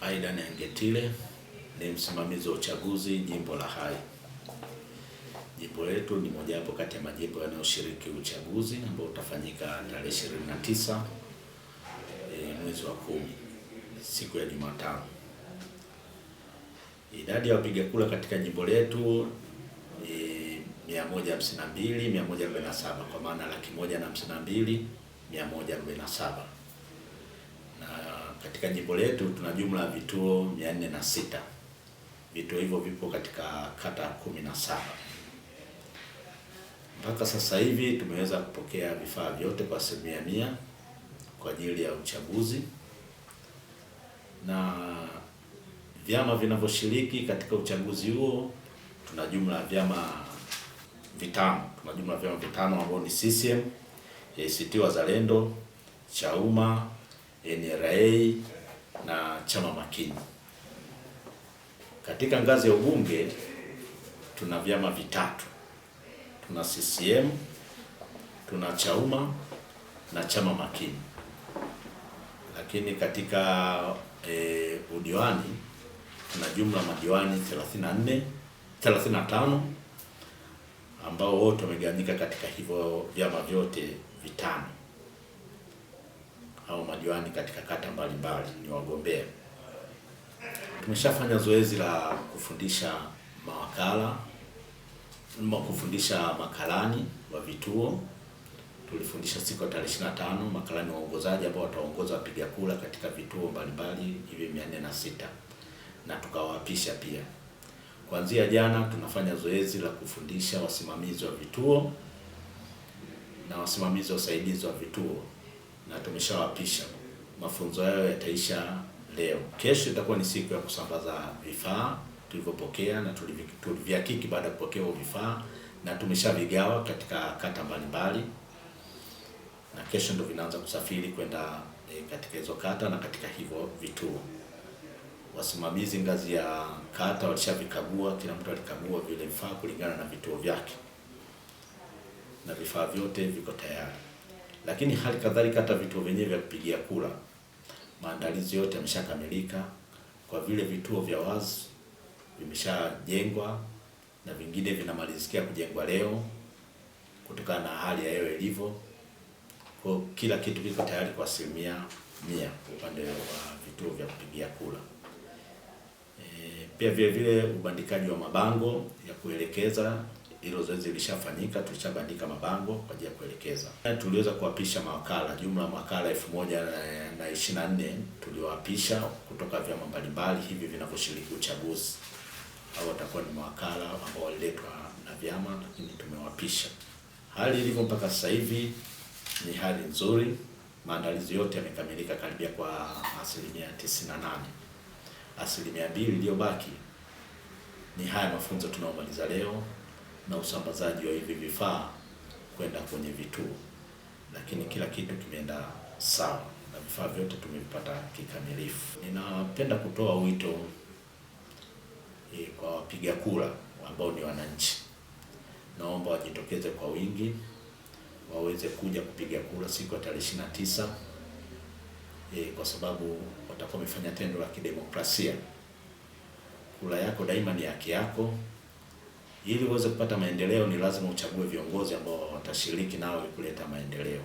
Aidan Angetile ni msimamizi wa uchaguzi jimbo la Hai. Jimbo letu ni mojawapo kati ya majimbo yanayoshiriki uchaguzi ambao utafanyika tarehe 29 e, mwezi wa kumi siku ya Jumatano. Idadi ya wapiga kura katika jimbo letu e, 152 147 kwa maana laki moja na hamsini na mbili mia moja arobaini na saba katika jimbo letu tuna jumla ya vituo mia Vituo hivyo vipo katika kata 17. na saba. Mpaka sasa hivi tumeweza kupokea vifaa vyote kwa asilimia mia kwa ajili ya uchaguzi na vyama vinavyoshiriki katika uchaguzi huo tuna jumla ya vyama vitano, tuna jumla ya vyama vitano ambao ni CCM, ACT Wazalendo, Chauma NRA na chama makini. Katika ngazi ya ubunge tuna vyama vitatu, tuna CCM, tuna Chauma na chama makini, lakini katika e, udiwani tuna jumla madiwani 34 35 ambao wote wamegawanyika katika hivyo vyama vyote vitano au madiwani katika kata mbalimbali ni wagombea. Tumeshafanya zoezi la kufundisha mawakala, kufundisha makarani wa vituo. Tulifundisha siku ya tarehe 25 makarani waongozaji ambao wataongoza wapiga kura katika vituo mbalimbali hivi mia nne na sita na tukawaapisha pia. Kuanzia jana tunafanya zoezi la kufundisha wasimamizi wa vituo na wasimamizi wa usaidizi wa vituo na tumeshawapisha. Mafunzo hayo yataisha leo. Kesho itakuwa ni siku ya kusambaza vifaa tulivyopokea na tulivyohakiki baada ya kupokea vifaa, na tumeshavigawa katika kata mbalimbali, na kesho ndio vinaanza kusafiri kwenda e, katika hizo kata na katika hivyo vituo. Wasimamizi ngazi ya kata walishavikagua, kila mtu alikagua vile vifaa kulingana na vituo vyake, na vifaa vyote viko tayari lakini hali kadhalika hata vituo vyenyewe vya kupigia kura maandalizi yote yameshakamilika kwa vile vituo vya wazi vimeshajengwa na vingine vinamalizikia kujengwa leo kutokana na hali ya hewa ilivyo. Kwa kila kitu kiko tayari kwa asilimia mia upande wa vituo vya kupigia kura. E, pia vile vile ubandikaji wa mabango ya kuelekeza hilo zoezi lishafanyika, tulishabandika mabango kwa ajili ya kuelekeza. Tuliweza kuwapisha mawakala, jumla mawakala elfu moja na ishirini na nne tuliwapisha kutoka vyama mbalimbali hivi vinavyoshiriki uchaguzi, au watakuwa ni mawakala ambao waliletwa na vyama, lakini tumewapisha. Hali ilivyo mpaka sasa hivi ni hali nzuri, maandalizi yote yamekamilika karibia kwa asilimia tisini na nane. Asilimia mbili iliyobaki ni haya mafunzo tunaomaliza leo na usambazaji wa hivi vifaa kwenda kwenye vituo, lakini kila kitu kimeenda sawa na vifaa vyote tumevipata kikamilifu. Ninapenda kutoa wito e, kwa wapiga kura ambao ni wananchi, naomba wajitokeze kwa wingi waweze kuja kupiga kura siku ya tarehe ishirini na tisa e, kwa sababu watakuwa wamefanya tendo la kidemokrasia. Kura yako daima ni haki yako. Ili uweze kupata maendeleo, ni lazima uchague viongozi ambao watashiriki nawe kuleta maendeleo.